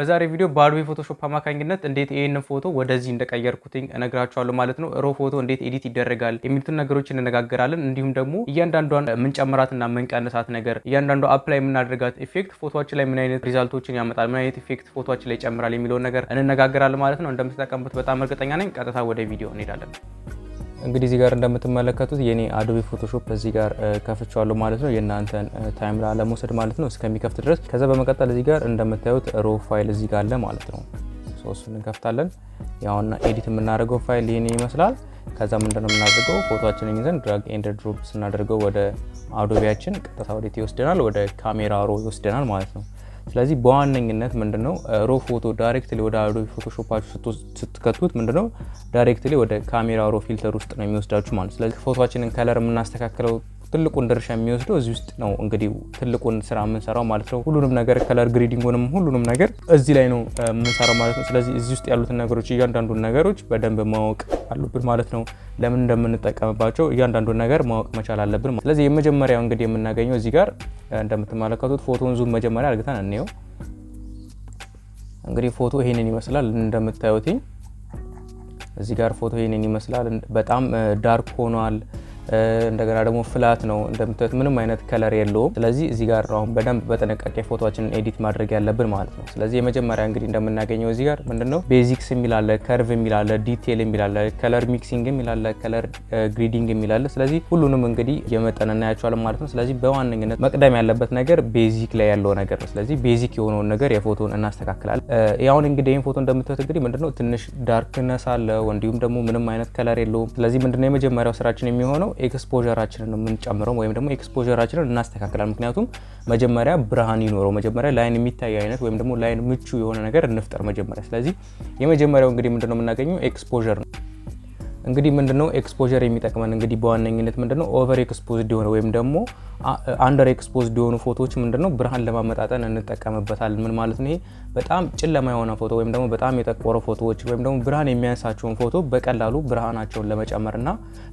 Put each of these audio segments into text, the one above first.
በዛሬ ቪዲዮ በአዶቤ ፎቶሾፕ አማካኝነት እንዴት ይህንን ፎቶ ወደዚህ እንደቀየርኩትኝ እነግራችኋለሁ ማለት ነው። ሮ ፎቶ እንዴት ኤዲት ይደረጋል የሚሉትን ነገሮች እንነጋገራለን። እንዲሁም ደግሞ እያንዳንዷን ምንጨምራትና ምንቀንሳት ነገር፣ አፕ አፕላይ የምናደርጋት ኢፌክት ፎቶችን ላይ ምን አይነት ሪዛልቶችን ያመጣል፣ ምን አይነት ኢፌክት ፎቶችን ላይ ይጨምራል የሚለውን ነገር እንነጋገራለን ማለት ነው። እንደምትጠቀሙት በጣም እርግጠኛ ነኝ። ቀጥታ ወደ ቪዲዮ እንሄዳለን። እንግዲህ እዚህ ጋር እንደምትመለከቱት የኔ አዶቤ ፎቶሾፕ እዚህ ጋር ከፍቼዋለሁ ማለት ነው። የእናንተን ታይም ላለመውሰድ ማለት ነው እስከሚከፍት ድረስ። ከዛ በመቀጠል እዚህ ጋር እንደምታዩት ሮ ፋይል እዚህ ጋር አለ ማለት ነው። እሱን እንከፍታለን። ያውና ኤዲት የምናደርገው ፋይል ይህን ይመስላል። ከዛ ምንድን ነው የምናደርገው ፎቶችንን ይዘን ድራግ ኤንድ ድሮፕ ስናደርገው ወደ አዶቢያችን ቀጥታ ወዴት ይወስደናል? ወደ ካሜራ ሮ ይወስደናል ማለት ነው። ስለዚህ በዋነኝነት ምንድነው ሮ ፎቶ ዳይሬክትሊ ወደ አዶ ፎቶሾፓችሁ ስትከቱት ምንድነው ዳይሬክትሊ ወደ ካሜራ ሮ ፊልተር ውስጥ ነው የሚወስዳችሁ ማለት። ስለዚህ ፎቶችንን ከለር የምናስተካክለው ትልቁን ድርሻ የሚወስደው እዚህ ውስጥ ነው። እንግዲህ ትልቁን ስራ የምንሰራው ማለት ነው። ሁሉንም ነገር ከለር ግሪዲንጉንም ሁሉንም ነገር እዚህ ላይ ነው የምንሰራው ማለት ነው። ስለዚህ እዚህ ውስጥ ያሉትን ነገሮች እያንዳንዱን ነገሮች በደንብ ማወቅ አሉብን ማለት ነው። ለምን እንደምንጠቀምባቸው እያንዳንዱን ነገር ማወቅ መቻል አለብን። ስለዚህ የመጀመሪያው እንግዲህ የምናገኘው እዚህ ጋር እንደምትመለከቱት ፎቶን ዙም መጀመሪያ አድርገን እንየው። እንግዲህ ፎቶ ይሄንን ይመስላል እንደምታዩትኝ እዚህ ጋር ፎቶ ይሄንን ይመስላል። በጣም ዳርክ ሆኗል። እንደገና ደግሞ ፍላት ነው እንደምታዩት፣ ምንም አይነት ከለር የለውም። ስለዚህ እዚህ ጋር አሁን በደንብ በጥንቃቄ ፎቶችንን ኤዲት ማድረግ ያለብን ማለት ነው። ስለዚህ የመጀመሪያ እንግዲህ እንደምናገኘው እዚህ ጋር ምንድነው ቤዚክስ የሚላለ፣ ከርቭ የሚላለ፣ ዲቴል የሚላለ፣ ከለር ሚክሲንግ የሚላለ፣ ከለር ግሪዲንግ የሚላለ። ስለዚህ ሁሉንም እንግዲህ የመጠን እናያቸዋለን ማለት ነው። ስለዚህ በዋነኝነት መቅደም ያለበት ነገር ቤዚክ ላይ ያለው ነገር ነው። ስለዚህ ቤዚክ የሆነውን ነገር የፎቶን እናስተካክላለን። ያሁን እንግዲህ ይህን ፎቶ እንደምታዩት እንግዲህ ምንድነው ትንሽ ዳርክነስ አለው፣ እንዲሁም ደግሞ ምንም አይነት ከለር የለውም። ስለዚህ ምንድነው የመጀመሪያው ስራችን የሚሆነው ኤክስፖራችንን የምንጨምረው ወይም ደግሞ ኤክስፖዠራችንን እናስተካክላል። ምክንያቱም መጀመሪያ ብርሃን ይኖረው፣ መጀመሪያ ላይን የሚታይ አይነት ወይም ደግሞ ላይን ምቹ የሆነ ነገር እንፍጠር መጀመሪያ። ስለዚህ የመጀመሪያው እንግዲህ ምንድነው የምናገኘው ኤክስፖር ነው። እንግዲህ ምንድነው ኤክስፖዠር የሚጠቅመን? እንግዲህ በዋነኝነት ምንድነው ኦቨር ኤክስፖዝድ የሆነ ወይም ደግሞ አንደር ኤክስፖዝድ የሆኑ ፎቶዎች ምንድነው ብርሃን ለማመጣጠን እንጠቀምበታለን ምን ማለት ነው? ይሄ በጣም ጨለማ የሆነ ፎቶ ወይም ደግሞ በጣም የጠቆረ ፎቶዎች ወይም ደግሞ ብርሃን የሚያንሳቸውን ፎቶ በቀላሉ ብርሃናቸውን ለመጨመርና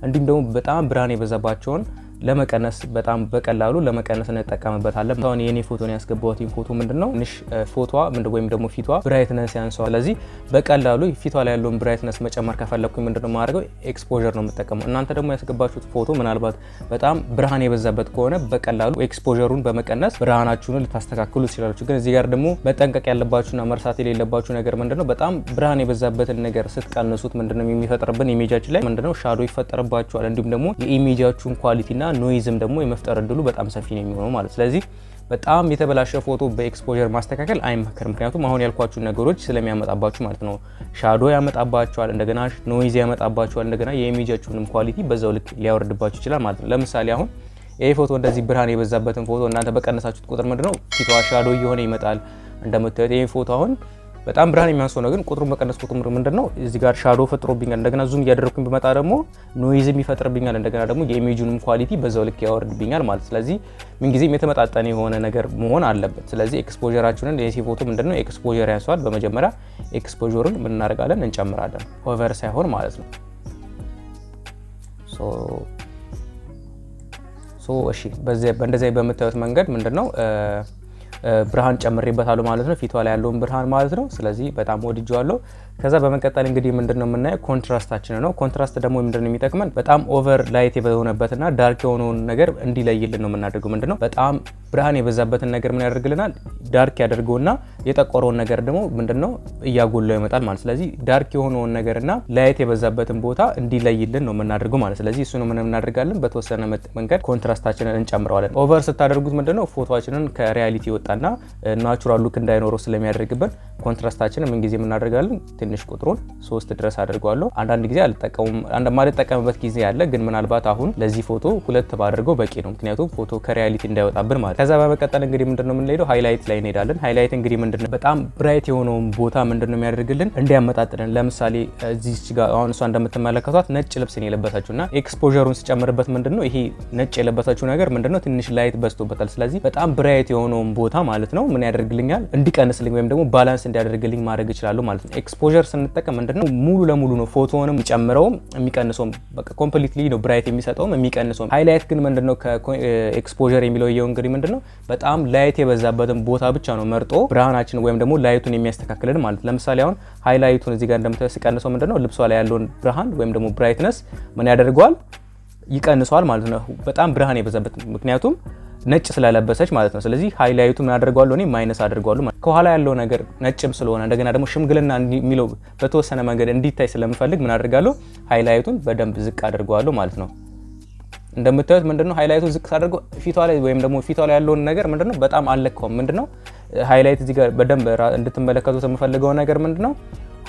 እንዲሁም ደግሞ በጣም ብርሃን የበዛባቸውን ለመቀነስ በጣም በቀላሉ ለመቀነስ እንጠቀምበታለን። አሁን የኔ ፎቶን ያስገባሁት ፎቶ ምንድን ነው ትንሽ ፎቶዋ ወይም ደግሞ ፊቷ ብራይትነስ ያንሰዋል። ስለዚህ በቀላሉ ፊቷ ላይ ያለውን ብራይትነስ መጨመር ከፈለግኩኝ ምንድን ነው የማደርገው ኤክስፖዠር ነው የምጠቀመው። እናንተ ደግሞ ያስገባችሁት ፎቶ ምናልባት በጣም ብርሃን የበዛበት ከሆነ በቀላሉ ኤክስፖዠሩን በመቀነስ ብርሃናችሁን ልታስተካክሉ ትችላላችሁ። ግን እዚህ ጋር ደግሞ መጠንቀቅ ያለባችሁና መርሳት የሌለባችሁ ነገር ምንድን ነው በጣም ብርሃን የበዛበትን ነገር ስትቀንሱት ምንድን ነው የሚፈጥርብን ኢሜጃችን ላይ ምንድን ነው ሻዶ ይፈጠርባችኋል። እንዲሁም ደግሞ የኢሜጃችሁን ኳሊቲና ኖይዝም ደግሞ የመፍጠር እድሉ በጣም ሰፊ ነው የሚሆነው ማለት ስለዚህ በጣም የተበላሸ ፎቶ በኤክስፖዠር ማስተካከል አይመከር ምክንያቱም አሁን ያልኳችሁ ነገሮች ስለሚያመጣባችሁ ማለት ነው። ሻዶ ያመጣባቸዋል እንደገና ኖይዝ ያመጣባቸዋል እንደገና የኢሜጃችሁንም ኳሊቲ በዛው ልክ ሊያወርድባችሁ ይችላል ማለት ነው። ለምሳሌ አሁን ይህ ፎቶ እንደዚህ ብርሃን የበዛበትን ፎቶ እናንተ በቀነሳችሁት ቁጥር ምንድነው ፊቷ ሻዶ እየሆነ ይመጣል። እንደምታዩት ይህ ፎቶ አሁን በጣም ብርሃን የሚያንሰው ነው። ግን ቁጥሩን መቀነስ ቁጥሩ ምንድን ነው እዚህ ጋር ሻዶ ፈጥሮብኛል። እንደገና ዙም እያደረግኩኝ በመጣ ደግሞ ኖይዝም ይፈጥርብኛል። እንደገና ደግሞ የኢሜጁንም ኳሊቲ በዛው ልክ ያወርድብኛል ማለት ስለዚህ ምንጊዜም የተመጣጠነ የሆነ ነገር መሆን አለበት። ስለዚህ ኤክስፖጀራችንን የዚህ ፎቶ ምንድን ነው ያንሰዋል። በመጀመሪያ ኤክስፖጀሩን ምን እናደርጋለን እንጨምራለን። ኦቨር ሳይሆን ማለት ነው። እሺ በእንደዚያ በምታዩት መንገድ ምንድን ነው ብርሃን ጨምሬበታለሁ ማለት ነው፣ ፊቷ ላይ ያለውን ብርሃን ማለት ነው። ስለዚህ በጣም ወድጄዋለሁ። ከዛ በመቀጠል እንግዲህ ምንድን ነው የምናየው ኮንትራስታችን ነው። ኮንትራስት ደግሞ ምንድን ነው የሚጠቅመን በጣም ኦቨር ላይት የሆነበትና ዳርክ የሆነውን ነገር እንዲለይልን ነው የምናደርገው። ምንድን ነው በጣም ብርሃን የበዛበትን ነገር ምን ያደርግልናል? ዳርክ ያደርገውና የጠቆረውን ነገር ደግሞ ምንድን ነው እያጎላው ይመጣል ማለት። ስለዚህ ዳርክ የሆነውን ነገርና ላይት የበዛበትን ቦታ እንዲለይልን ነው የምናደርገው ማለት። ስለዚህ እሱን ምን እናደርጋለን? በተወሰነ መንገድ ኮንትራስታችንን እንጨምረዋለን። ኦቨር ስታደርጉት ምንድን ነው ፎቶችንን ከሪያሊቲ ይወጣና ናቹራል ሉክ እንዳይኖረው ስለሚያደርግብን ኮንትራስታችንን ምንጊዜ የምናደርጋለን ትንሽ ቁጥሩን ሶስት ድረስ አድርጓለሁ። አንዳንድ ጊዜ አልጠቀሙም ማልጠቀምበት ጊዜ ያለ፣ ግን ምናልባት አሁን ለዚህ ፎቶ ሁለት ባደርገው በቂ ነው። ምክንያቱም ፎቶ ከሪያሊቲ እንዳይወጣብን ማለት። ከዛ በመቀጠል እንግዲህ ምንድነው የምንሄደው ሃይላይት ላይ እንሄዳለን። ሃይላይት እንግዲህ ምንድነው በጣም ብራይት የሆነውን ቦታ ምንድነው የሚያደርግልን እንዲያመጣጥልን። ለምሳሌ እዚህ ጋር አሁን እሷ እንደምትመለከቷት ነጭ ልብስን የለበሳችሁ እና ኤክስፖሩን ስጨምርበት ምንድነው ይሄ ነጭ የለበሰችው ነገር ነው ትንሽ ላይት በዝቶበታል። ስለዚህ በጣም ብራይት የሆነውን ቦታ ማለት ነው ምን ያደርግልኛል እንዲቀንስልኝ ወይም ደግሞ ባላንስ እንዲያደርግልኝ ማድረግ ይችላሉ ማለት ነው። ሌዘር ስንጠቀም ምንድነው ሙሉ ለሙሉ ነው ፎቶንም የሚጨምረውም የሚቀንሰውም በቃ ኮምፕሊትሊ ነው ብራይት የሚሰጠውም የሚቀንሰውም። ሃይላይት ግን ምንድነው ከኤክስፖዠር የሚለው የው እንግዲህ ምንድነው በጣም ላይት የበዛበትን ቦታ ብቻ ነው መርጦ ብርሃናችን ወይም ደግሞ ላይቱን የሚያስተካክልን ማለት። ለምሳሌ አሁን ሃይላይቱን እዚህ ጋር እንደምታዩ ሲቀንሰው ምንድነው ልብሷ ላይ ያለውን ብርሃን ወይም ደግሞ ብራይትነስ ምን ያደርገዋል? ይቀንሰዋል ማለት ነው። በጣም ብርሃን የበዛበት ምክንያቱም ነጭ ስለለበሰች ማለት ነው። ስለዚህ ሃይላይቱ ምን አድርጓለሁ እኔ ማይነስ አድርጓለሁ። ከኋላ ያለው ነገር ነጭም ስለሆነ እንደገና ደግሞ ሽምግልና የሚለው በተወሰነ መንገድ እንዲታይ ስለምፈልግ ምን አድርጋለሁ ሃይላይቱን በደንብ ዝቅ አድርጓለሁ ማለት ነው። እንደምታዩት ምንድነው ሃይላይቱን ዝቅ ሳደርገው ፊቷ ላይ ወይም ደግሞ ፊቷ ላይ ያለውን ነገር ምንድነው በጣም አልለካውም። ምንድነው ሃይላይት እዚህ ጋር በደንብ እንድትመለከቱት የምፈልገው ነገር ምንድነው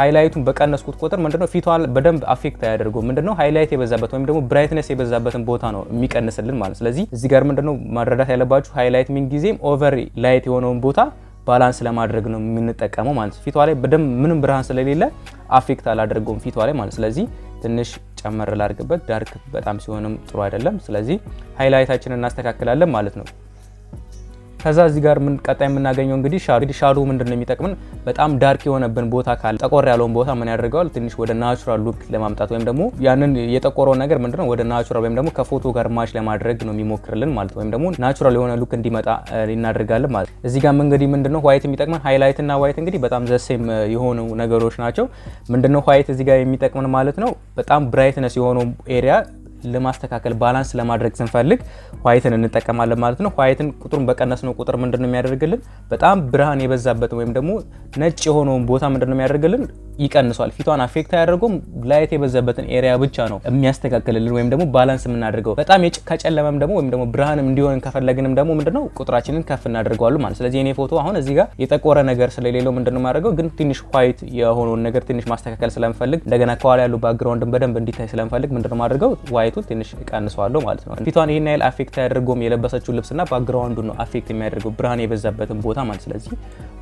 ሃይላይቱን በቀነስኩት ቁጥር ምንድነው ፊቷ በደንብ አፌክት አያደርገው። ምንድነው ሃይላይት የበዛበት ወይም ደግሞ ብራይትነስ የበዛበትን ቦታ ነው የሚቀንስልን ማለት። ስለዚህ እዚህ ጋር ምንድነው መረዳት ያለባችሁ ሃይላይት ጊዜም ኦቨር ላይት የሆነውን ቦታ ባላንስ ለማድረግ ነው የምንጠቀመው ማለት ፊቷ ላይ በደንብ ምንም ብርሃን ስለሌለ አፌክት አላደርገውም ፊቷ ላይ ማለት። ስለዚህ ትንሽ ጨመር ላድርግበት፣ ዳርክ በጣም ሲሆንም ጥሩ አይደለም። ስለዚህ ሃይላይታችንን እናስተካክላለን ማለት ነው። ከዛ እዚህ ጋር ምን ቀጣይ የምናገኘው እንግዲህ ሻሩ እንግዲህ ሻሩ ምንድነው የሚጠቅምን በጣም ዳርክ የሆነብን ቦታ ካለ ጠቆር ያለውን ቦታ ምን ያደርገዋል ትንሽ ወደ ናቹራል ሉክ ለማምጣት ወይም ደግሞ ያንን የጠቆረውን ነገር ምንድነው ወደ ናቹራል ወይም ደግሞ ከፎቶ ጋር ማች ለማድረግ ነው የሚሞክርልን ማለት ወይም ደግሞ ናቹራል የሆነ ሉክ እንዲመጣ እናደርጋለን ማለት እዚህ ጋር እንግዲህ ምንድነው ዋይት የሚጠቅመን ሃይላይት እና ዋይት እንግዲህ በጣም ዘሴም የሆኑ ነገሮች ናቸው ምንድነው ዋይት እዚህ ጋር የሚጠቅመን ማለት ነው በጣም ብራይትነስ የሆነው ኤሪያ ለማስተካከል ባላንስ ለማድረግ ስንፈልግ ዋይትን እንጠቀማለን ማለት ነው። ዋይትን ቁጥሩን በቀነስ ነው ቁጥር ምንድነው የሚያደርግልን? በጣም ብርሃን የበዛበት ወይም ደግሞ ነጭ የሆነውን ቦታ ምንድን ነው የሚያደርግልን ይቀንሷል። ፊቷን አፌክት አያደርጉም። ላይት የበዛበትን ኤሪያ ብቻ ነው የሚያስተካክልልን ወይም ደግሞ ባላንስ የምናደርገው። በጣም ከጨለመም ደግሞ ወይም ደግሞ ብርሃንም እንዲሆን ከፈለግንም ደግሞ ምንድነው ቁጥራችንን ከፍ እናደርገዋሉ ማለት። ስለዚህ እኔ ፎቶ አሁን እዚህ ጋር የጠቆረ ነገር ስለሌለው ምንድነው የማደርገው ግን ትንሽ ዋይት የሆነውን ነገር ትንሽ ማስተካከል ስለምፈልግ እንደገና ከኋላ ያሉ ባክግራውንድን በደንብ እንዲታይ ስለምፈልግ ምንድነው ማድርገው ዋይቱን ትንሽ እቀንሰዋለሁ ማለት ነው። ፊቷን ይህን ያህል አፌክት አያደርገውም የለበሰችው ልብስና ባክግራውንዱ ነው አፌክት የሚያደርገው ብርሃን የበዛበትን ቦታ ማለት። ስለዚህ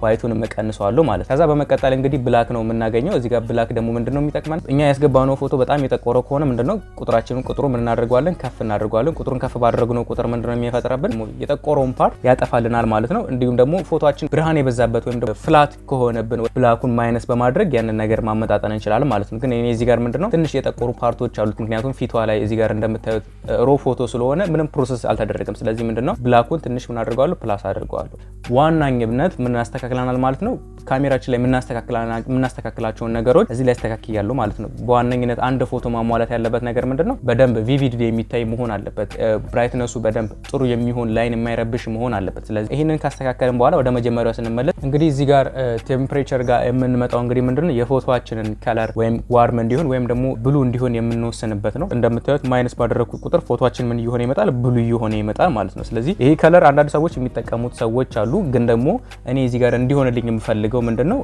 ዋይቱን እቀንሰዋለሁ ማለት ከዛ በመቀጠል እንግዲህ ብላክ ነው የምናገኘው የምናገኘው። እዚህ ጋር ብላክ ደግሞ ምንድነው የሚጠቅመን እኛ ያስገባነው ፎቶ በጣም የጠቆረ ከሆነ ምንድነው ቁጥራችንን ቁጥሩ ምን እናደርገዋለን ከፍ እናደርገዋለን። ቁጥሩን ከፍ ባደረግነው ቁጥር ምንድነው የሚፈጥረብን የጠቆረውን ፓርት ያጠፋልናል ማለት ነው። እንዲሁም ደግሞ ፎቶችን ብርሃን የበዛበት ወይም ፍላት ከሆነብን ብላኩን ማይነስ በማድረግ ያንን ነገር ማመጣጠን እንችላለን ማለት ነው። ግን እኔ እዚህ ጋር ምንድነው ትንሽ የጠቆሩ ፓርቶች አሉት። ምክንያቱም ፊቷ ላይ እዚህ ጋር እንደምታዩት ሮ ፎቶ ስለሆነ ምንም ፕሮሰስ አልተደረገም። ስለዚህ ምንድነው ብላኩን ትንሽ ምን አድርገዋለሁ ፕላስ አድርገዋለሁ። ዋናኝብነት ምን ያስተካክለናል ማለት ነው። ካሜራችን ላይ የምናስተካክላቸው የምንላቸውን ነገሮች እዚህ ላይ ያስተካክል ያሉ ማለት ነው። በዋነኝነት አንድ ፎቶ ማሟላት ያለበት ነገር ምንድን ነው? በደንብ ቪቪድ የሚታይ መሆን አለበት። ብራይትነሱ በደንብ ጥሩ የሚሆን ላይን የማይረብሽ መሆን አለበት። ስለዚህ ይህንን ካስተካከልን በኋላ ወደ መጀመሪያው ስንመለስ እንግዲህ እዚህ ጋር ቴምፕሬቸር ጋር የምንመጣው እንግዲህ ምንድን ነው የፎቶችንን ከለር ወይም ዋርም እንዲሆን ወይም ደግሞ ብሉ እንዲሆን የምንወስንበት ነው። እንደምታዩት ማይነስ ባደረግኩት ቁጥር ፎቶችን ምን እየሆነ ይመጣል? ብሉ እየሆነ ይመጣል ማለት ነው። ስለዚህ ይሄ ከለር አንዳንድ ሰዎች የሚጠቀሙት ሰዎች አሉ። ግን ደግሞ እኔ እዚህ ጋር እንዲሆንልኝ የምፈልገው ምንድን ነው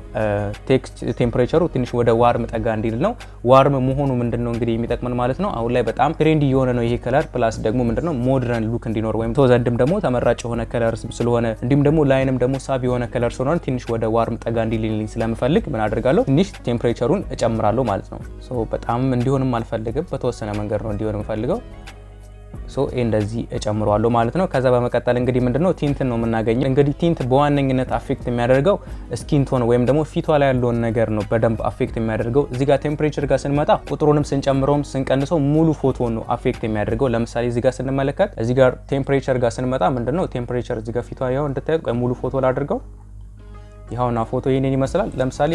ቴክስት ቴምፕሬቸሩ የነበረው ትንሽ ወደ ዋርም ጠጋ እንዲል ነው። ዋርም መሆኑ ምንድን ነው እንግዲህ የሚጠቅመን ማለት ነው። አሁን ላይ በጣም ትሬንድ የሆነ ነው ይሄ ከለር። ፕላስ ደግሞ ምንድን ነው ሞደርን ሉክ እንዲኖር ወይም ተወዘድም ደግሞ ተመራጭ የሆነ ከለር ስለሆነ እንዲሁም ደግሞ ላይንም ደግሞ ሳቢ የሆነ ከለር ስለሆነ ትንሽ ወደ ዋርም ጠጋ እንዲልልኝ ስለምፈልግ ምን አደርጋለሁ ትንሽ ቴምፕሬቸሩን እጨምራለሁ ማለት ነው። በጣም እንዲሆንም አልፈልግም። በተወሰነ መንገድ ነው እንዲሆን የምፈልገው። ሶ እንደዚህ እጨምረዋለሁ ማለት ነው። ከዛ በመቀጠል እንግዲህ ምንድነው ቲንትን ነው የምናገኘው። እንግዲህ ቲንት በዋነኝነት አፌክት የሚያደርገው ስኪን ቶን ወይም ደግሞ ፊቷ ላይ ያለውን ነገር ነው በደንብ አፌክት የሚያደርገው። እዚህ ጋር ቴምፕሬቸር ጋር ስንመጣ ቁጥሩንም ስንጨምረውም ስንቀንሰው ሙሉ ፎቶ ነው አፌክት የሚያደርገው። ለምሳሌ እዚህ ጋር ስንመለከት እዚህ ጋር ቴምፕሬቸር ጋር ስንመጣ ምንድነው ቴምፕሬቸር እዚህ ጋር ፊቷ ያው እንድታዩት ሙሉ ፎቶ ላድርገው። ይኸውና ፎቶ ይህንን ይመስላል። ለምሳሌ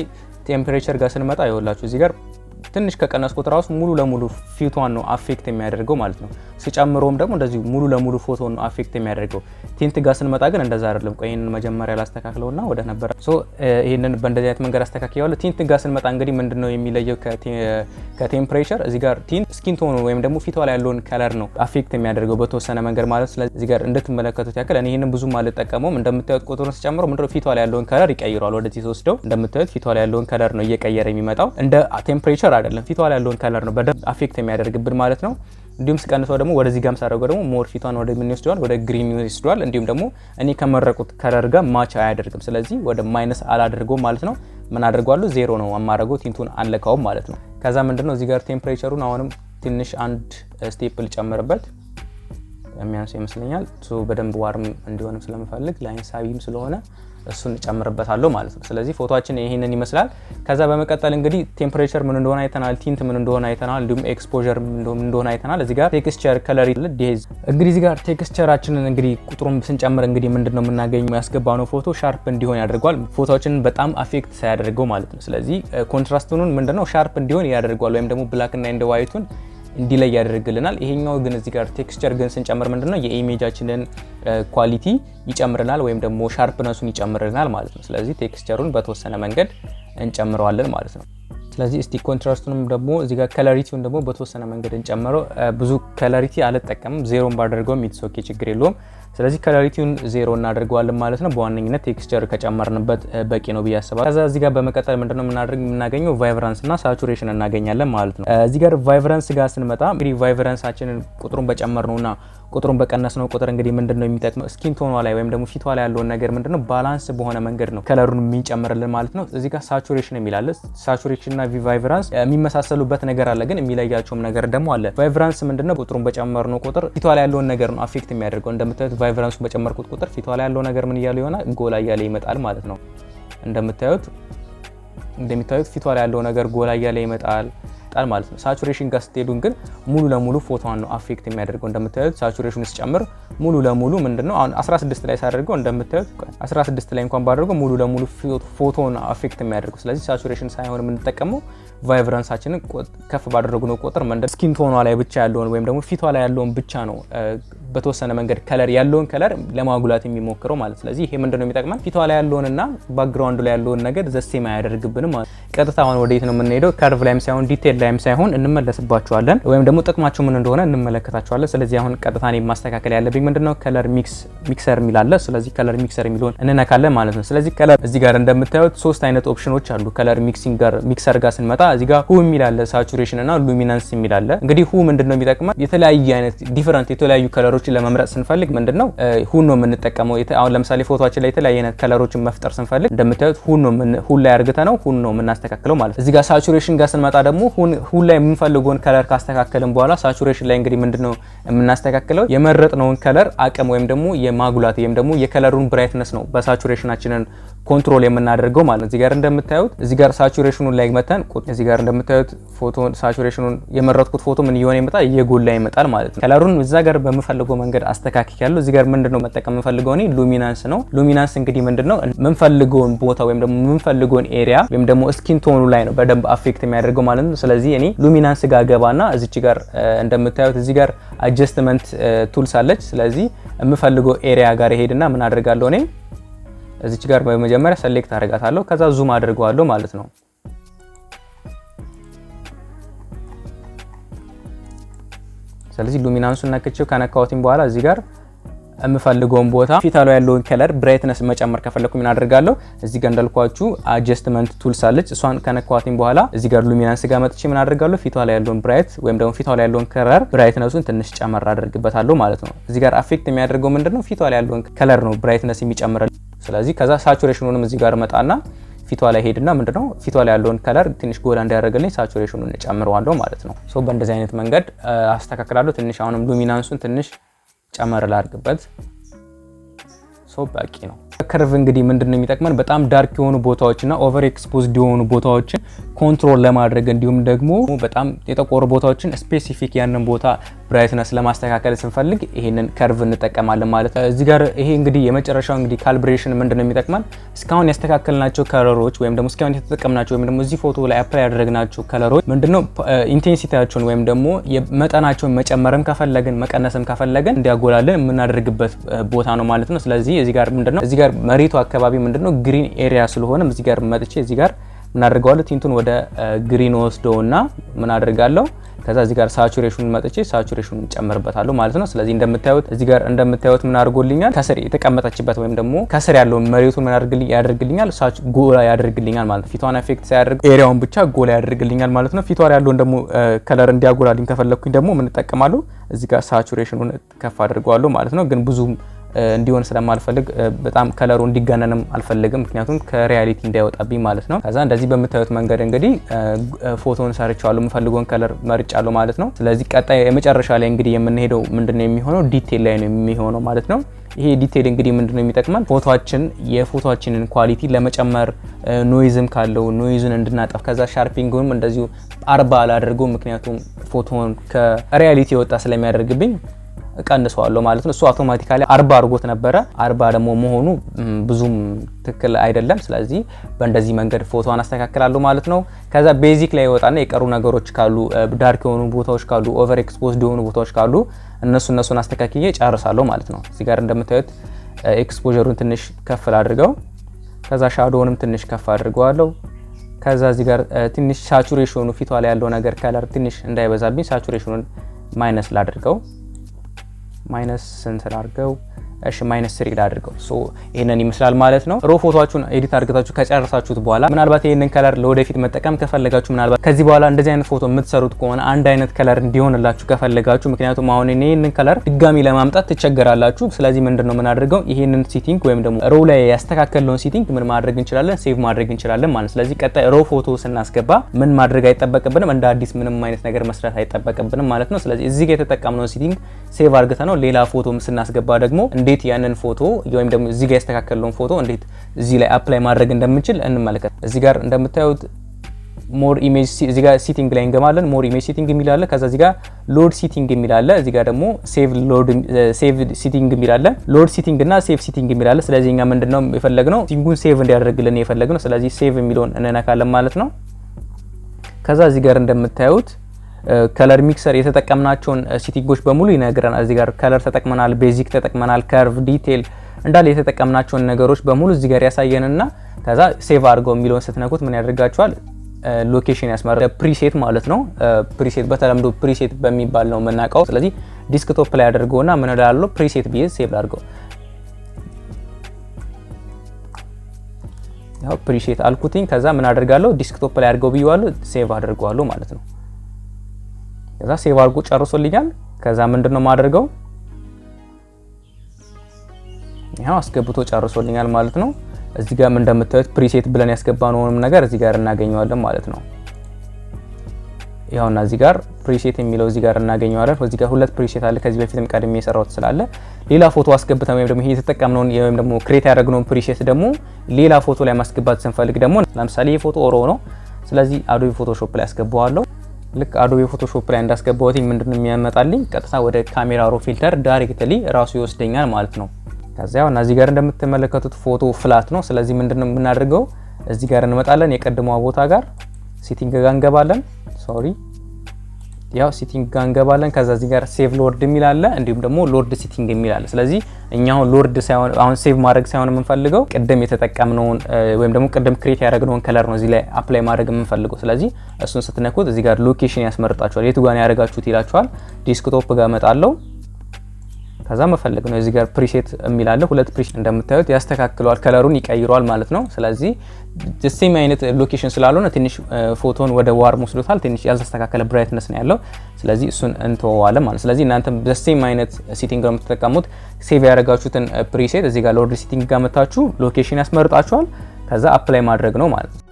ቴምፕሬቸር ጋር ስንመጣ ይኸውላችሁ እዚህ ጋር ትንሽ ከቀነስኩት ራሱ ሙሉ ለሙሉ ፊቷን ነው አፌክት የሚያደርገው ማለት ነው። ሲጨምረውም ደግሞ እንደዚሁ ሙሉ ለሙሉ ፎቶን ነው አፌክት የሚያደርገው። ቲንት ጋር ስንመጣ ግን እንደዛ አይደለም። ቆይ ይህንን መጀመሪያ ላስተካክለውና ወደ ነበረ ይህንን በእንደዚህ አይነት መንገድ አስተካክያለሁ። ቲንት ጋር ስንመጣ እንግዲህ ምንድን ነው የሚለየው ከቴምፕሬቸር? እዚህ ጋር ቲንት ስኪን ቶኑ ወይም ደግሞ ፊቷ ላይ ያለውን ከለር ነው አፌክት የሚያደርገው በተወሰነ መንገድ ማለት። ስለዚህ እዚህ ጋር እንድትመለከቱት ያክል እኔ ይህንን ብዙም አልጠቀመውም። እንደምታዩት ቁጥሩን ስጨምረው ምንድነው ፊቷ ላይ ያለውን ከለር ይቀይረዋል። ወደዚህ ስወስደው እንደምታዩት ፊቷ ላይ ያለውን ከለር ነው እየቀየረ የሚመጣው እንደ ቴምፕሬቸር አይደለም፣ ፊቷ ላይ ያለውን ከለር ነው በደንብ አፌክት የሚያደርግብን ማለት ነው። እንዲሁም ስቀንሰው ደግሞ ወደዚህ ጋም ሳደርገው ደግሞ ሞር ፊቷን ወደ ምን ይወስደዋል? ወደ ግሪን ይወስደዋል። እንዲሁም ደግሞ እኔ ከመረቁት ከለር ጋር ማች አያደርግም። ስለዚህ ወደ ማይነስ አላደርገውም ማለት ነው። ምን አደርገዋለሁ? ዜሮ ነው አማረገው፣ ቲንቱን አለካውም ማለት ነው። ከዛ ምንድነው እዚህ ጋር ቴምፕሬቸሩን አሁንም ትንሽ አንድ ስቴፕል ጨምርበት የሚያንስ ይመስለኛል። በደንብ ዋርም እንዲሆንም ስለምፈልግ ለአይን ሳቢም ስለሆነ እሱን እጨምርበታለሁ ማለት ነው። ስለዚህ ፎቶችን ይህንን ይመስላል። ከዛ በመቀጠል እንግዲህ ቴምፕሬቸር ምን እንደሆነ አይተናል፣ ቲንት ምን እንደሆነ አይተናል፣ እንዲሁም ኤክስፖዠር ምን እንደሆነ አይተናል። እዚህ ጋር ቴክስቸር፣ ከለር ዲሄዝ እንግዲህ እዚህ ጋር ቴክስቸራችንን እንግዲህ ቁጥሩን ስንጨምር እንግዲህ ምንድነው የምናገኘው? ያስገባ ነው ፎቶ ሻርፕ እንዲሆን ያደርገዋል። ፎቶችን በጣም አፌክት ሳያደርገው ማለት ነው። ስለዚህ ኮንትራስቱን ምንድነው ሻርፕ እንዲሆን ያደርገዋል፣ ወይም ደግሞ ብላክ እና እንደ ዋይቱን እንዲለይ ያደርግልናል። ይሄኛው ግን እዚህ ጋር ቴክስቸር ግን ስንጨምር ምንድነው የኢሜጃችንን ኳሊቲ ይጨምርናል ወይም ደግሞ ሻርፕነሱን ይጨምርናል ማለት ነው። ስለዚህ ቴክስቸሩን በተወሰነ መንገድ እንጨምረዋለን ማለት ነው። ስለዚህ እስቲ ኮንትራስቱንም ደግሞ እዚህ ጋር ከለሪቲውን ደግሞ በተወሰነ መንገድ እንጨምረው። ብዙ ከለሪቲ አልጠቀምም፣ ዜሮን ባደርገውም ኢትስ ኦኬ ችግር የለውም። ስለዚህ ከለሪቲውን ዜሮ እናደርገዋለን ማለት ነው። በዋነኝነት ቴክስቸር ከጨመርንበት በቂ ነው ብዬ አስባለሁ። ከዛ እዚህ ጋር በመቀጠል ምንድነው የምናደርግ የምናገኘው ቫይብራንስ እና ሳቹሬሽን እናገኛለን ማለት ነው። እዚህ ጋር ቫይብራንስ ጋር ስንመጣ እንግዲህ ቫይብረንሳችንን ቁጥሩን በጨመር ነውና ቁጥሩን በቀነስ ነው ቁጥር እንግዲህ ምንድን ነው የሚጠቅመው ስኪን ቶኗ ላይ ወይም ደግሞ ፊቷ ላይ ያለውን ነገር ምንድን ነው ባላንስ በሆነ መንገድ ነው ከለሩን የሚጨምርልን ማለት ነው። እዚህ ጋር ሳቹሬሽን የሚላለ ሳቹሬሽን እና ቫይብራንስ የሚመሳሰሉበት ነገር አለ፣ ግን የሚለያቸውም ነገር ደግሞ አለ። ቫይብራንስ ምንድን ነው ቁጥሩን በጨመርነው ቁጥር ፊቷ ላይ ያለውን ነገር ነው አፌክት የሚያደርገው። እንደምታዩት ቫይብራንሱን በጨመርኩት ቁጥር ፊቷ ላይ ያለው ነገር ምን እያለ ይሆናል ጎላ እያለ ይመጣል ማለት ነው። እንደምታዩት እንደሚታዩት ፊቷ ላይ ያለው ነገር ጎላ እያለ ይመጣል። ይጣል ማለት ነው። ሳቹሬሽን ጋር ስትሄዱ ግን ሙሉ ለሙሉ ፎቶዋን ነው አፌክት የሚያደርገው። እንደምታዩት ሳቹሬሽን ስጨምር ሙሉ ለሙሉ ምንድነው አሁን 16 ላይ ሳደርገው እንደምታዩት 16 ላይ እንኳን ባደርገው ሙሉ ለሙሉ ፎቶን አፌክት የሚያደርገው። ስለዚህ ሳቹሬሽን ሳይሆን የምንጠቀመው ቫይብራንሳችንን ከፍ ነው ቁጥር ስኪን ቶኗ ላይ ብቻ ያለውን ወይም ደግሞ ፊቷ ላይ ያለውን ብቻ ነው በተወሰነ መንገድ ከለር ያለውን ከለር ለማጉላት የሚሞክረው ማለት። ስለዚህ ይሄ ምንድነው የሚጠቅመን ፊቷ ላይ ያለውንና ባክግራውንዱ ላይ ያለውን ነገር ዘሴም አያደርግብንም ማለት። ቀጥታ አሁን ወደየት ነው የምንሄደው? ከርቭ ላይም ሳይሆን ዲቴል ላይም ሳይሆን እንመለስባቸዋለን፣ ወይም ደግሞ ጥቅማቸው ምን እንደሆነ እንመለከታቸዋለን። ስለዚህ አሁን ቀጥታ እኔ ማስተካከል ያለብኝ ምንድነው ከለር ሚክስ ሚክሰር የሚላለ ስለዚህ ከለር ሚክሰር የሚለውን እንነካለን ማለት ነው። ስለዚህ ከለር እዚህ ጋር እንደምታዩት ሶስት አይነት ኦፕሽኖች አሉ። ከለር ሚክሲንግ ጋር ሚክሰር ጋር ስንመጣ እዚህ ጋር ሁ የሚላለ ሳቹሬሽን እና ሉሚናንስ የሚላለ እንግዲህ ሁ ምንድነው የሚጠቅመን የተለያየ አይነት ዲፈረንት የተለያዩ ከለሮች ከለሮችን ለመምረጥ ስንፈልግ ምንድን ነው ሁን ነው የምንጠቀመው። አሁን ለምሳሌ ፎቶችን ላይ የተለያየ አይነት ከለሮችን መፍጠር ስንፈልግ እንደምታዩት ሁን ነው ሁን ላይ አርግተ ነው ሁን ነው የምናስተካክለው ማለት ነው። እዚህ ጋር ሳቹሬሽን ጋር ስንመጣ ደግሞ ሁን ላይ የምንፈልገውን ከለር ካስተካከልን በኋላ ሳቹሬሽን ላይ እንግዲህ ምንድን ነው የምናስተካክለው የመረጥነውን ከለር አቅም ወይም ደግሞ የማጉላት ወይም ደግሞ የከለሩን ብራይትነስ ነው በሳቹሬሽናችንን ኮንትሮል የምናደርገው ማለት ነው። እዚህ ጋር እንደምታዩት እዚህ ጋር ሳቹሬሽኑን ላይ መተን እዚህ ጋር እንደምታዩት ፎቶን ሳቹሬሽኑን የመረጥኩት ፎቶ ምን እየሆነ ይመጣል? እየጎላ ይመጣል ማለት ነው። ከለሩን እዛ ጋር በምፈልገው መንገድ አስተካክክ ያለው እዚህ ጋር ምንድነው መጠቀም የምፈልገው እኔ ሉሚናንስ ነው። ሉሚናንስ እንግዲህ ምንድነው የምንፈልገውን ቦታ ወይም ደግሞ የምንፈልገውን ኤሪያ ወይም ደግሞ ስኪን ቶኑ ላይ ነው በደንብ አፌክት የሚያደርገው ማለት ነው። ስለዚህ እኔ ሉሚናንስ ጋር ገባና እዚች ጋር እንደምታዩት እዚህ ጋር አጀስትመንት ቱልስ uh, አለች። ስለዚህ የምፈልገው ኤሪያ ጋር ይሄድና ምን አደርጋለሁ እኔ እዚች ጋር በመጀመሪያ ሰሌክት አደርጋታለሁ ከዛ ዙም አድርገዋለሁ ማለት ነው። ስለዚህ ሉሚናንሱን ነክቼው ከነካሁትም በኋላ እዚህ ጋር የምፈልገውን ቦታ ፊታ ላይ ያለውን ከለር ብራይትነስ መጨመር ከፈለኩ ምን አደርጋለሁ? እዚህ ጋር እንዳልኳችሁ አጀስትመንት ቱልስ አለች። እሷን ከነኳትም በኋላ እዚህ ጋር ሉሚናንስ ጋር መጥቼ ምን አደርጋለሁ? ፊቷ ላይ ያለውን ብራይት ወይም ደግሞ ፊቷ ላይ ያለውን ከለር ብራይትነሱን ትንሽ ጨመር አደርግበታለሁ ማለት ነው። እዚህ ጋር አፌክት የሚያደርገው ምንድነው? ፊቷ ላይ ያለውን ከለር ነው ብራይትነስ የሚጨምረው ስለዚህ ከዛ ሳቹሬሽኑንም እዚህ ጋር መጣና ፊቷ ላይ ሄድና ምንድነው ፊቷ ላይ ያለውን ከለር ትንሽ ጎላ እንዲያደርግልኝ ሳቹሬሽኑን ጨምረዋለሁ ማለት ነው። ሶ በእንደዚህ አይነት መንገድ አስተካክላለሁ። ትንሽ አሁንም ሉሚናንሱን ትንሽ ጨመር ላርግበት ሶ በቂ ነው። ከርቭ እንግዲህ ምንድን ነው የሚጠቅመን በጣም ዳርክ የሆኑ ቦታዎችና ኦቨር ኤክስፖዝድ የሆኑ ቦታዎችን ኮንትሮል ለማድረግ እንዲሁም ደግሞ በጣም የጠቆሩ ቦታዎችን ስፔሲፊክ ያንን ቦታ ብራይትነስ ለማስተካከል ስንፈልግ ይሄንን ከርቭ እንጠቀማለን ማለት ነው። እዚህ ጋር ይሄ እንግዲህ የመጨረሻው እንግዲህ ካልብሬሽን ምንድነው የሚጠቅመን እስካሁን ያስተካከልናቸው ከለሮች ወይም ደግሞ እስካሁን የተጠቀምናቸው ወይም ደግሞ እዚህ ፎቶ ላይ አፕላይ ያደረግናቸው ከለሮች ምንድነው ኢንቴንሲቲያቸውን ወይም ደግሞ መጠናቸውን መጨመርም ከፈለግን መቀነስም ከፈለግን እንዲያጎላልን የምናደርግበት ቦታ ነው ማለት ነው። ስለዚህ እዚህ ጋር ምንድነው እዚህ ጋር መሬቱ አካባቢ ምንድነው ግሪን ኤሪያ ስለሆነም እዚህ ጋር መጥቼ እዚህ ጋር ምናደርገዋለሁ ቲንቱን ወደ ግሪን ወስደውና ምናደርጋለሁ ከዛ እዚህ ጋር ሳቹሬሽኑን መጥቼ ሳቹሬሽኑን ጨምርበታለሁ ማለት ነው። ስለዚህ እንደምታዩት እዚህ ጋር እንደምታዩት ምን አድርጎልኛል? ከስር የተቀመጠችበት ወይም ደግሞ ከስር ያለውን መሬቱን ምን ያደርግልኛል? ጎላ ያደርግልኛል ማለት ነው። ፊቷን ኤፌክት ሳያደርግ ኤሪያውን ብቻ ጎላ ያደርግልኛል ማለት ነው። ፊቷ ያለውን ደግሞ ከለር እንዲያጎላልኝ ከፈለግኩኝ ደግሞ ምን እጠቀማለሁ? እዚህ ጋር ሳቹሬሽኑን ከፍ አድርገዋለሁ ማለት ነው። ግን ብዙም እንዲሆን ስለማልፈልግ በጣም ከለሩ እንዲጋነንም አልፈልግም፣ ምክንያቱም ከሪያሊቲ እንዳይወጣብኝ ማለት ነው። ከዛ እንደዚህ በምታዩት መንገድ እንግዲህ ፎቶን ሰርቸዋለሁ፣ የምፈልገውን ከለር መርጫለሁ ማለት ነው። ስለዚህ ቀጣይ የመጨረሻ ላይ እንግዲህ የምንሄደው ምንድነው የሚሆነው ዲቴል ላይ ነው የሚሆነው ማለት ነው። ይሄ ዲቴል እንግዲህ ምንድነው የሚጠቅመን ፎቶችን የፎቶችንን ኳሊቲ ለመጨመር ኖይዝም ካለው ኖይዝን እንድናጠፍ ከዛ ሻርፒንግም እንደዚሁ አርባ አላደርገው ምክንያቱም ፎቶን ከሪያሊቲ የወጣ ስለሚያደርግብኝ እቀንሰዋለሁ ማለት ነው። እሱ አውቶማቲካሊ አርባ አድርጎት ነበረ። አርባ ደግሞ መሆኑ ብዙም ትክክል አይደለም። ስለዚህ በእንደዚህ መንገድ ፎቶ አስተካክላለሁ ማለት ነው። ከዛ ቤዚክ ላይ ይወጣና የቀሩ ነገሮች ካሉ ዳርክ የሆኑ ቦታዎች ካሉ ኦቨር ኤክስፖዝድ የሆኑ ቦታዎች ካሉ እነሱ እነሱን አስተካክዬ ጨርሳለሁ ማለት ነው። እዚህ ጋር እንደምታዩት ኤክስፖሩን ትንሽ ከፍ አድርገው፣ ከዛ ሻዶውንም ትንሽ ከፍ አድርገዋለሁ። ከዛ እዚህ ጋር ትንሽ ሳቹሬሽኑ ፊቷ ላይ ያለው ነገር ከለር ትንሽ እንዳይበዛብኝ ሳቹሬሽኑን ማይነስ ላድርገው። minus since it እሺ ማይነስ ስሪ ላድርገው። ሶ ይሄንን ይመስላል ማለት ነው። ሮ ፎቶአችሁን ኤዲት አድርጋችሁ ከጨረሳችሁት በኋላ ምናልባት ይሄንን ከለር ለወደፊት መጠቀም ከፈለጋችሁ ምናልባት ከዚህ በኋላ እንደዚህ አይነት ፎቶ የምትሰሩት ከሆነ አንድ አይነት ከለር እንዲሆንላችሁ ከፈለጋችሁ፣ ምክንያቱም አሁን እኔ ይሄንን ከለር ድጋሚ ለማምጣት ትቸገራላችሁ። ስለዚህ ምንድነው የምናደርገው ይሄንን ሲቲንግ ወይም ደግሞ ሮ ላይ ያስተካከለውን ሲቲንግ ምን ማድረግ እንችላለን? ሴቭ ማድረግ እንችላለን ማለት። ስለዚህ ቀጣይ ሮ ፎቶ ስናስገባ ምን ማድረግ አይጠበቅብንም፣ እንደ አዲስ ምንም አይነት ነገር መስራት አይጠበቅብንም ማለት ነው። ስለዚህ እዚህ ጋር የተጠቀምነውን ሲቲንግ ሴቭ አድርገን ነው ሌላ ፎቶ ስናስገባ ደግሞ እንዴት ያንን ፎቶ ወይም ደግሞ እዚህ ጋር ያስተካከለውን ፎቶ እንዴት እዚህ ላይ አፕላይ ማድረግ እንደምንችል እንመለከት። እዚህ ጋር እንደምታዩት ሞር ኢሜጅ እዚህ ጋር ሲቲንግ ላይ እንገማለን። ሞር ኢሜጅ ሲቲንግ የሚላለ ከዛ እዚህ ጋር ሎድ ሲቲንግ የሚላለ እዚህ ጋር ደግሞ ሴቭ ሎድ ሴቭ ሲቲንግ የሚላለ ሎድ ሲቲንግ እና ሴቭ ሲቲንግ የሚላለ። ስለዚህ እኛ ምንድነው የፈለግነው ሲቲንጉን ሴቭ እንዲያደርግልን የፈለግነው። ስለዚህ ሴቭ የሚለውን እንነካለን ማለት ነው። ከዛ እዚህ ጋር እንደምታዩት ከለር ሚክሰር የተጠቀምናቸውን ሲቲጎች በሙሉ ይነግረናል። እዚህ ጋር ከለር ተጠቅመናል፣ ቤዚክ ተጠቅመናል፣ ከርቭ ዲቴል እንዳለ የተጠቀምናቸውን ነገሮች በሙሉ እዚህ ጋር ያሳየንና ከዛ ሴቭ አድርገው የሚለውን ስትነኩት ምን ያደርጋቸዋል? ሎኬሽን ያስመረ ፕሪሴት ማለት ነው። ፕሪሴት በተለምዶ ፕሪሴት በሚባል ነው የምናውቀው። ስለዚህ ዲስክቶፕ ላይ አድርገውና ምን ላለው ፕሪሴት ብዬ ሴቭ አድርገው ያው ፕሪሴት አልኩትኝ። ከዛ ምን አደርጋለሁ ዲስክቶፕ ላይ አድርገው ብየዋለሁ፣ ሴቭ አድርገዋለሁ ማለት ነው። ከዛ ሴቭ አድርጎ ጨርሶልኛል። ከዛ ምንድነው ማደርገው ያው አስገብቶ ጨርሶልኛል ማለት ነው። እዚህ ጋር እንደምታዩት ፕሪሴት ብለን ያስገባነውንም ነገር እዚህ ጋር እናገኘዋለን ማለት ነው። ይኸውና እዚህ ጋር ፕሪሴት የሚለው እዚህ ጋር እናገኘዋለን። እዚህ ጋር ሁለት ፕሪሴት አለ። ከዚህ በፊትም ቀድሜ የሰራሁት ስላለ ሌላ ፎቶ አስገብተን ወይም ደግሞ ይሄ የተጠቀምነውን ወይም ደግሞ ክሬት ያደረግነውን ፕሪሴት ደግሞ ሌላ ፎቶ ላይ ማስገባት ስንፈልግ ደግሞ ለምሳሌ ይሄ ፎቶ ኦሮ ነው። ስለዚህ አዶቢ ፎቶሾፕ ላይ አስገባዋለሁ። ልክ አዶቤ ፎቶሾፕ ላይ እንዳስገባሁት ምንድን ነው የሚያመጣልኝ? ቀጥታ ወደ ካሜራ ሮ ፊልተር ዳይሬክትሊ ራሱ ይወስደኛል ማለት ነው። ከዚያ አሁን እዚህ ጋር እንደምትመለከቱት ፎቶ ፍላት ነው። ስለዚህ ምንድን ነው የምናደርገው? እዚህ ጋር እንመጣለን። የቀድሞ ቦታ ጋር ሴቲንግ ጋር እንገባለን። ሶሪ ያው ሲቲንግ ጋር እንገባለን። ከዛ እዚህ ጋር ሴቭ ሎርድ የሚል አለ፣ እንዲሁም ደግሞ ሎርድ ሲቲንግ የሚል አለ። ስለዚህ እኛ አሁን ሎርድ ሳይሆን አሁን ሴቭ ማድረግ ሳይሆን የምንፈልገው ቅድም የተጠቀምነውን ወይም ደግሞ ቅድም ክሬት ያደረግነውን ከለር ነው እዚህ ላይ አፕላይ ማድረግ የምንፈልገው። ስለዚህ እሱን ስትነኩት እዚህ ጋር ሎኬሽን ያስመርጣችኋል። የቱ ጋር ያደረጋችሁት ይላችኋል። ዲስክቶፕ ጋር መጣለው ከዛ መፈለግ ነው። እዚህ ጋር ፕሪሴት የሚላለ ሁለት ፕሪሴት እንደምታዩት ያስተካክለዋል፣ ከለሩን ይቀይረዋል ማለት ነው። ስለዚህ ሴም አይነት ሎኬሽን ስላልሆነ ትንሽ ፎቶን uh, ወደ ዋርም ወስዶታል። ትንሽ ያልተስተካከለ ብራይትነስ ነው ያለው። ስለዚህ እሱን እንተወዋለን ማለት ስለዚህ እናንተ በሴም አይነት ሴቲንግ ነው የምትጠቀሙት። ሴቭ ያደረጋችሁትን ፕሪሴት እዚህ ጋር ሎድ ሴቲንግ ጋር መታችሁ ሎኬሽን ያስመርጣችኋል። ከዛ አፕላይ ማድረግ ነው ማለት ነው።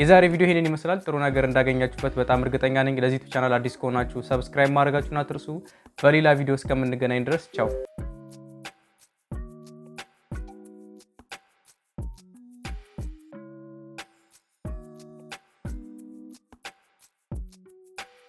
የዛሬ ቪዲዮ ይህንን ይመስላል። ጥሩ ነገር እንዳገኛችሁበት በጣም እርግጠኛ ነኝ። ለዚህ ቻናል አዲስ ከሆናችሁ ሰብስክራይብ ማድረጋችሁን አትርሱ። በሌላ ቪዲዮ እስከምንገናኝ ድረስ ቻው።